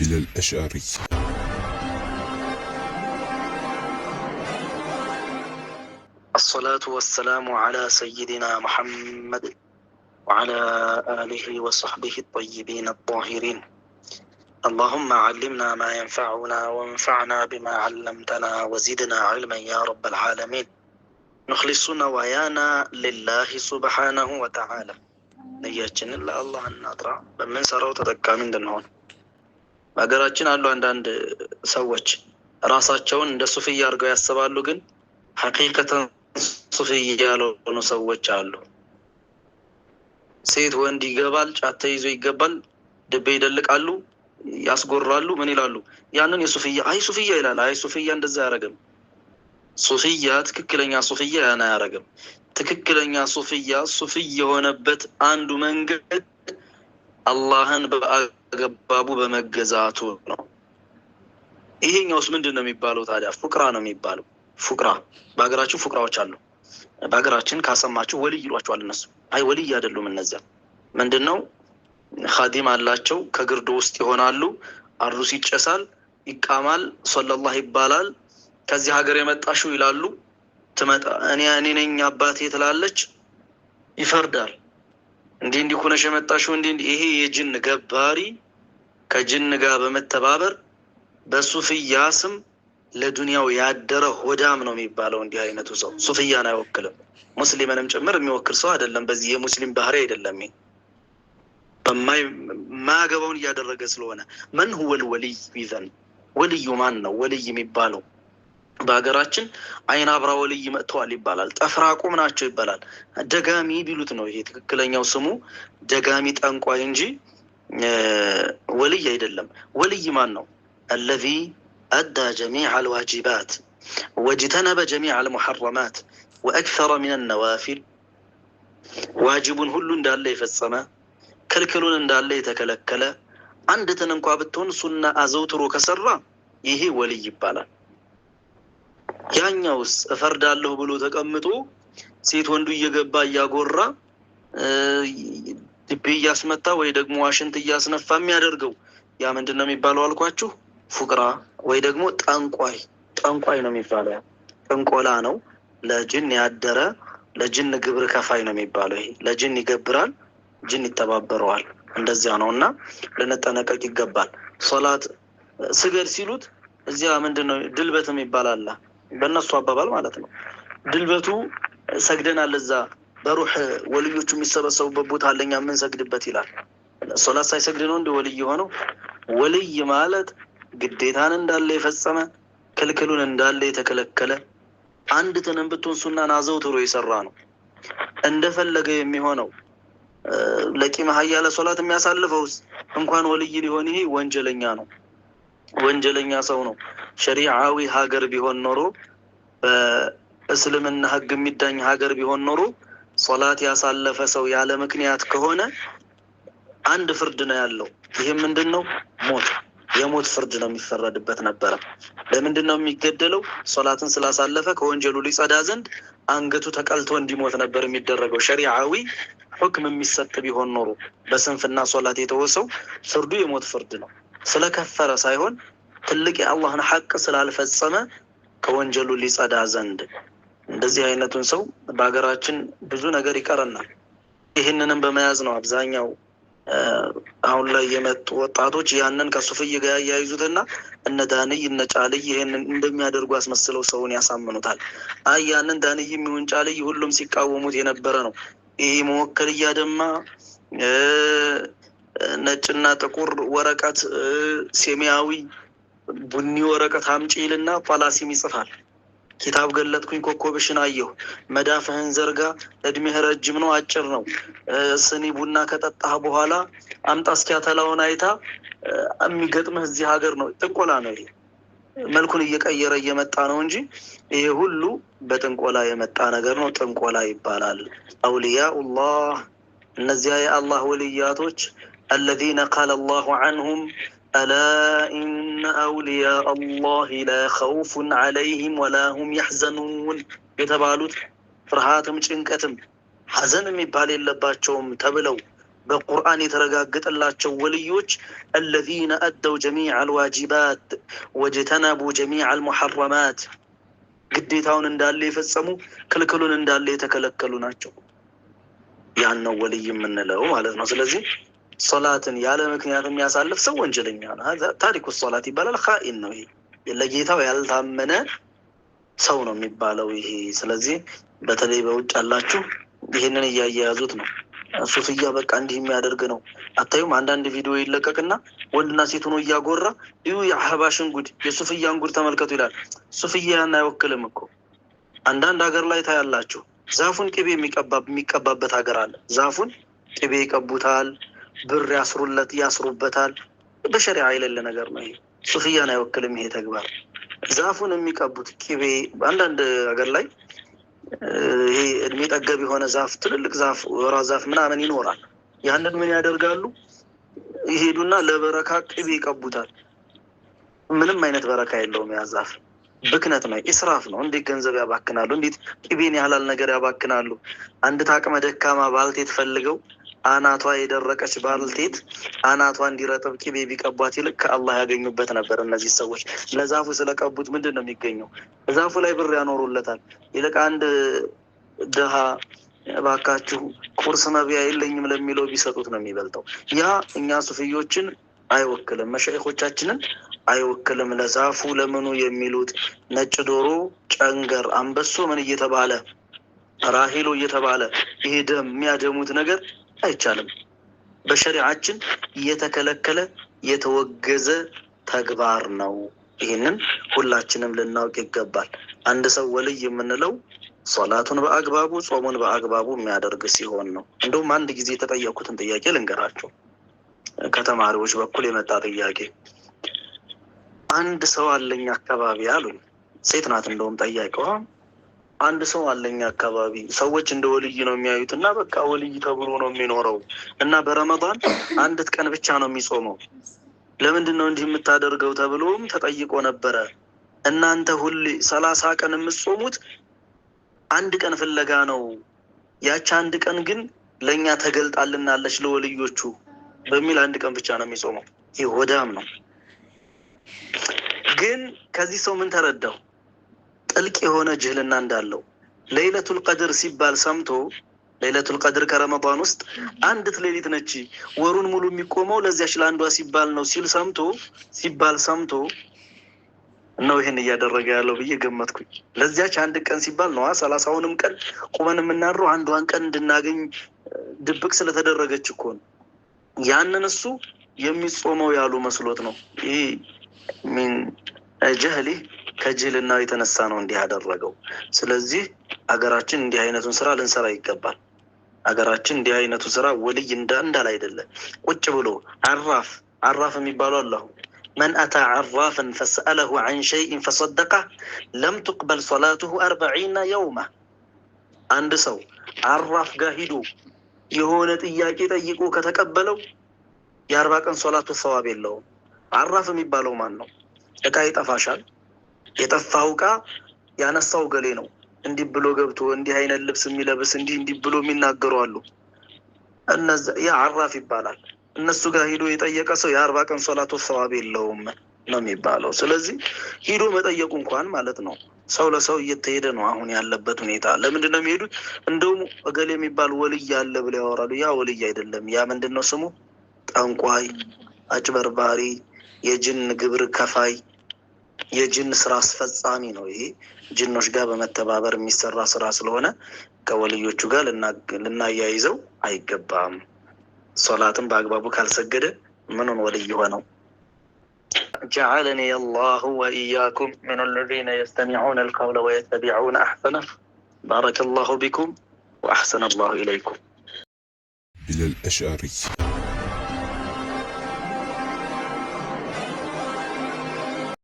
بلا الأشعري الصلاة والسلام على سيدنا محمد وعلى آله وصحبه الطيبين الطاهرين اللهم علمنا ما ينفعنا وانفعنا بما علمتنا وزدنا علما يا رب العالمين نخلص نوايانا لله سبحانه وتعالى نياتنا الله أن نطرع بمن سروا تدكامين دنهون በሀገራችን አሉ አንዳንድ ሰዎች ራሳቸውን እንደ ሱፍያ አድርገው ያስባሉ፣ ግን ሀቂቀተን ሱፍያ ያልሆኑ ሰዎች አሉ። ሴት ወንድ ይገባል፣ ጫት ተይዞ ይገባል፣ ድቤ ይደልቃሉ፣ ያስጎራሉ። ምን ይላሉ? ያንን የሱፍያ አይ ሱፍያ ይላል። አይ ሱፍያ እንደዛ አያረግም። ሱፍያ ትክክለኛ ሱፍያ ያን አያረግም። ትክክለኛ ሱፍያ ሱፍ የሆነበት አንዱ መንገድ አላህን በአገባቡ በመገዛቱ ነው። ይሄኛውስ ምንድን ነው የሚባለው ታዲያ? ፉቅራ ነው የሚባለው። ፉቅራ በሀገራችን ፉቅራዎች አሉ። በሀገራችን ካሰማችሁ ወልይ ይሏቸዋል እነሱ። አይ ወልይ አይደሉም እነዚያ። ምንድን ነው ኻዲም አላቸው፣ ከግርዶ ውስጥ ይሆናሉ። አሩስ ይጨሳል፣ ይቃማል፣ ሶለላህ ይባላል። ከዚህ ሀገር የመጣሽው ይላሉ። ትመጣ እኔ ነኝ አባቴ ትላለች፣ ይፈርዳል እንዲህ እንዲህ ሆነሽ የመጣሽው እንዲህ ይሄ የጅን ገባሪ ከጅን ጋር በመተባበር በሱፍያ ስም ለዱንያው ያደረ ሆዳም ነው የሚባለው። እንዲህ አይነቱ ሰው ሱፍያን አይወክልም፣ ሙስሊምንም ጭምር የሚወክል ሰው አይደለም። በዚህ የሙስሊም ባህሪ አይደለም። የማያገባውን እያደረገ ስለሆነ መን ሁወል ወልይ ይዘን ወልዩ ማን ነው ወልይ የሚባለው? በሀገራችን አይን አብራ ወልይ መጥተዋል ይባላል። ጠፍራቁም ናቸው ይባላል። ደጋሚ ቢሉት ነው ይሄ ትክክለኛው ስሙ ደጋሚ ጠንቋይ እንጂ ወልይ አይደለም። ወልይ ማን ነው? አለዚ አዳ ጀሚዕ አልዋጅባት ወጅተነበ ጀሚዕ አልሙሐረማት ወአክሰረ ሚን ነዋፊል ዋጅቡን ሁሉ እንዳለ የፈጸመ ክልክሉን እንዳለ የተከለከለ አንድ ትን እንኳ ብትሆን ሱና አዘውትሮ ከሰራ ይሄ ወልይ ይባላል። ያኛውስ እፈርዳለሁ ብሎ ተቀምጦ ሴት ወንዱ እየገባ እያጎራ ድቤ እያስመታ ወይ ደግሞ ዋሽንት እያስነፋ የሚያደርገው ያ ምንድን ነው የሚባለው? አልኳችሁ ፉቅራ ወይ ደግሞ ጠንቋይ ጠንቋይ ነው የሚባለው። ጥንቆላ ነው። ለጅን ያደረ ለጅን ግብር ከፋይ ነው የሚባለው። ይሄ ለጅን ይገብራል፣ ጅን ይተባበረዋል። እንደዚያ ነው እና ልንጠነቀቅ ይገባል። ሶላት ስገድ ሲሉት እዚያ ምንድን ነው ድልበት የሚባል በእነሱ አባባል ማለት ነው። ድልበቱ ሰግደናል እዛ በሩህ ወልዮቹ የሚሰበሰቡበት ቦታ አለኛ ሰግድበት ይላል። ሶላት ሳይሰግድ ነው እንደ ወልይ የሆነው። ወልይ ማለት ግዴታን እንዳለ የፈጸመ ክልክሉን እንዳለ የተከለከለ አንዲትንም ብትሆን ሱናን አዘውትሮ የሰራ ነው። እንደፈለገ የሚሆነው ለቂ መሀያለ ሶላት የሚያሳልፈውስ እንኳን ወልይ ሊሆን ይሄ ወንጀለኛ ነው፣ ወንጀለኛ ሰው ነው። ሸሪዓዊ ሀገር ቢሆን ኖሮ በእስልምና ህግ የሚዳኝ ሀገር ቢሆን ኖሮ ሶላት ያሳለፈ ሰው ያለ ምክንያት ከሆነ አንድ ፍርድ ነው ያለው። ይህም ምንድን ነው? ሞት። የሞት ፍርድ ነው የሚፈረድበት ነበረ። ለምንድን ነው የሚገደለው? ሶላትን ስላሳለፈ ከወንጀሉ ሊጸዳ ዘንድ አንገቱ ተቀልቶ እንዲሞት ነበር የሚደረገው። ሸሪዓዊ ሁክም የሚሰጥ ቢሆን ኖሮ በስንፍና ሶላት የተወሰው ፍርዱ የሞት ፍርድ ነው። ስለከፈረ ሳይሆን ትልቅ የአላህን ሐቅ ስላልፈጸመ ከወንጀሉ ሊጸዳ ዘንድ። እንደዚህ አይነቱን ሰው በሀገራችን ብዙ ነገር ይቀረናል። ይህንንም በመያዝ ነው አብዛኛው አሁን ላይ የመጡ ወጣቶች ያንን ከሱፍይ ጋር ያያይዙትና እነ ዳንይ እነ ጫልይ ይህንን እንደሚያደርጉ አስመስለው ሰውን ያሳምኑታል። አይ ያንን ዳንይ የሚሆን ጫልይ ሁሉም ሲቃወሙት የነበረ ነው። ይህ መወከል እያደማ ነጭና ጥቁር ወረቀት ሴሚያዊ ቡኒ ወረቀት አምጪ ይልና ጳላሲም ይጽፋል። ኪታብ ገለጥኩኝ፣ ኮከብሽን አየሁ፣ መዳፍህን ዘርጋ፣ እድሜህ ረጅም ነው አጭር ነው፣ ስኒ ቡና ከጠጣህ በኋላ አምጣ እስኪያተላውን አይታ የሚገጥምህ እዚህ ሀገር ነው። ጥንቆላ ነው ይሄ። መልኩን እየቀየረ እየመጣ ነው እንጂ ይሄ ሁሉ በጥንቆላ የመጣ ነገር ነው። ጥንቆላ ይባላል። አውልያኡላህ እነዚያ የአላህ ወልያቶች አለዚነ ቃለ አላሁ አንሁም አላ አውልያ አላህ ላ ከውፉን አለይህም ወላ ሁም ያሕዘኑን የተባሉት ፍርሃትም ጭንቀትም ሐዘን የሚባል የለባቸውም ተብለው በቁርአን የተረጋገጠላቸው ወልዮች አለዚነ አደው ጀሚዕ አልዋጅባት ወጅተነቡ ጀሚዕ አልሙሐረማት ግዴታውን እንዳለ የፈጸሙ ክልክሉን እንዳለ የተከለከሉ ናቸው። ያን ነው ወልይ የምንለው ማለት ነው። ስለዚህ ሶላትን ያለ ምክንያት የሚያሳልፍ ሰው ወንጀለኛ ነው። ታሪኩ ሶላት ይባላል። ኻኢን ነው። ይሄ ለጌታው ያልታመነ ሰው ነው የሚባለው ይሄ። ስለዚህ በተለይ በውጭ ያላችሁ ይህንን እያያያዙት ነው። ሱፍያ በቃ እንዲህ የሚያደርግ ነው። አታዩም? አንዳንድ ቪዲዮ ይለቀቅና ወንድና ሴት ሆኖ እያጎራ እዩ የአህባሽን ጉድ የሱፍያን ጉድ ተመልከቱ ይላል። ሱፍያን አይወክልም እኮ አንዳንድ ሀገር ላይ ታያላችሁ። ዛፉን ቅቤ የሚቀባበት ሀገር አለ። ዛፉን ቅቤ ይቀቡታል። ብር ያስሩለት ያስሩበታል። በሸሪያ የሌለ ነገር ነው። ሱፍያን አይወክልም ይሄ ተግባር። ዛፉን የሚቀቡት ቂቤ አንዳንድ ሀገር ላይ ይሄ እድሜ ጠገብ የሆነ ዛፍ ትልልቅ ዛፍ ወራ ዛፍ ምናምን ይኖራል። ያንን ምን ያደርጋሉ? ይሄዱና ለበረካ ቅቤ ይቀቡታል። ምንም አይነት በረካ የለውም። ያ ዛፍ ብክነት ነው፣ ኢስራፍ ነው። እንዴት ገንዘብ ያባክናሉ! እንዴት ቅቤን ያህላል ነገር ያባክናሉ! አንዲት አቅመ ደካማ ባልቴት ፈልገው አናቷ የደረቀች ባልቴት አናቷ እንዲረጥብ ቅቤ ቢቀቧት ይልቅ ከአላህ ያገኙበት ነበር። እነዚህ ሰዎች ለዛፉ ስለቀቡት ምንድን ነው የሚገኘው? ዛፉ ላይ ብር ያኖሩለታል። ይልቅ አንድ ድሃ እባካችሁ ቁርስ መብያ የለኝም ለሚለው ቢሰጡት ነው የሚበልጠው። ያ እኛ ሱፍዮችን አይወክልም፣ መሻይኮቻችንን አይወክልም። ለዛፉ ለምኑ የሚሉት ነጭ ዶሮ፣ ጨንገር፣ አንበሶ ምን እየተባለ ራሂሎ እየተባለ ይሄ ደም የሚያደሙት ነገር አይቻልም። በሸሪዓችን የተከለከለ የተወገዘ ተግባር ነው። ይህንን ሁላችንም ልናውቅ ይገባል። አንድ ሰው ወልይ የምንለው ሶላቱን በአግባቡ ጾሙን በአግባቡ የሚያደርግ ሲሆን ነው። እንደውም አንድ ጊዜ የተጠየኩትን ጥያቄ ልንገራቸው። ከተማሪዎች በኩል የመጣ ጥያቄ አንድ ሰው አለኝ አካባቢ አሉኝ። ሴት ናት እንደውም ጠያቂዋ አንድ ሰው አለኝ አካባቢ ሰዎች እንደ ወልይ ነው የሚያዩት እና በቃ ወልይ ተብሎ ነው የሚኖረው እና በረመዳን አንድት ቀን ብቻ ነው የሚጾመው ለምንድን ነው እንዲህ የምታደርገው ተብሎም ተጠይቆ ነበረ። እናንተ ሁሌ ሰላሳ ቀን የምትጾሙት አንድ ቀን ፍለጋ ነው። ያቺ አንድ ቀን ግን ለእኛ ተገልጣልናለች ለወልዮቹ በሚል አንድ ቀን ብቻ ነው የሚጾመው። ይህ ሆዳም ነው። ግን ከዚህ ሰው ምን ተረዳው? ጥልቅ የሆነ ጅህልና እንዳለው ለይለቱል ቀድር ሲባል ሰምቶ ለይለቱል ቀድር ከረመዳን ውስጥ አንዲት ሌሊት ነች፣ ወሩን ሙሉ የሚቆመው ለዚያች ለአንዷ ሲባል ነው ሲል ሰምቶ ሲባል ሰምቶ ነው ይህን እያደረገ ያለው ብዬ ገመትኩኝ። ለዚያች አንድ ቀን ሲባል ነዋ ሰላሳውንም ቀን ቁመን የምናድረው አንዷን ቀን እንድናገኝ ድብቅ ስለተደረገች እኮ ነው። ያንን እሱ የሚጾመው ያሉ መስሎት ነው ይህ ሚን ጀህሊህ ከጅልናው የተነሳ ነው እንዲህ ያደረገው። ስለዚህ አገራችን እንዲህ አይነቱን ስራ ልንሰራ ይገባል። አገራችን እንዲህ አይነቱ ስራ ወልይ እንዳንዳል አይደለ ቁጭ ብሎ አራፍ አራፍ የሚባለው አላሁ መን አታ አራፍን ፈሰአለሁ አን ሸይን ፈሰደቃ ለም ትቅበል ሶላቱሁ አርበዒና የውማ። አንድ ሰው አራፍ ጋር ሂዶ የሆነ ጥያቄ ጠይቆ ከተቀበለው የአርባ ቀን ሶላቱ ሰዋብ የለውም። አራፍ የሚባለው ማን ነው? እቃ ይጠፋሻል የጠፋው እቃ ያነሳው ገሌ ነው እንዲህ ብሎ ገብቶ እንዲህ አይነት ልብስ የሚለብስ እንዲህ እንዲህ ብሎ የሚናገሩ አሉ። ያ አራፍ ይባላል። እነሱ ጋር ሂዶ የጠየቀ ሰው የአርባ ቀን ሶላቶ ሰዋብ የለውም ነው የሚባለው። ስለዚህ ሂዶ መጠየቁ እንኳን ማለት ነው ሰው ለሰው እየተሄደ ነው አሁን ያለበት ሁኔታ። ለምንድን ነው የሚሄዱት? እንደውም እገሌ የሚባል ወልይ አለ ብለው ያወራሉ። ያ ወልይ አይደለም። ያ ምንድን ነው ስሙ? ጠንቋይ፣ አጭበርባሪ፣ የጅን ግብር ከፋይ የጅን ስራ አስፈጻሚ ነው። ይሄ ጅኖች ጋር በመተባበር የሚሰራ ስራ ስለሆነ ከወልዮቹ ጋር ልናያይዘው አይገባም። ሶላትን በአግባቡ ካልሰገደ ምኑን ወልይ ሆነው? ጀዓለኒ አላሁ ወኢያኩም ምን ለዚነ የስተሚዑነ ልቀውለ ወየተቢዑነ አሕሰነህ ባረከ ላሁ ቢኩም ወአሕሰነ ላሁ ኢለይኩም ኢለል አሽዓሪ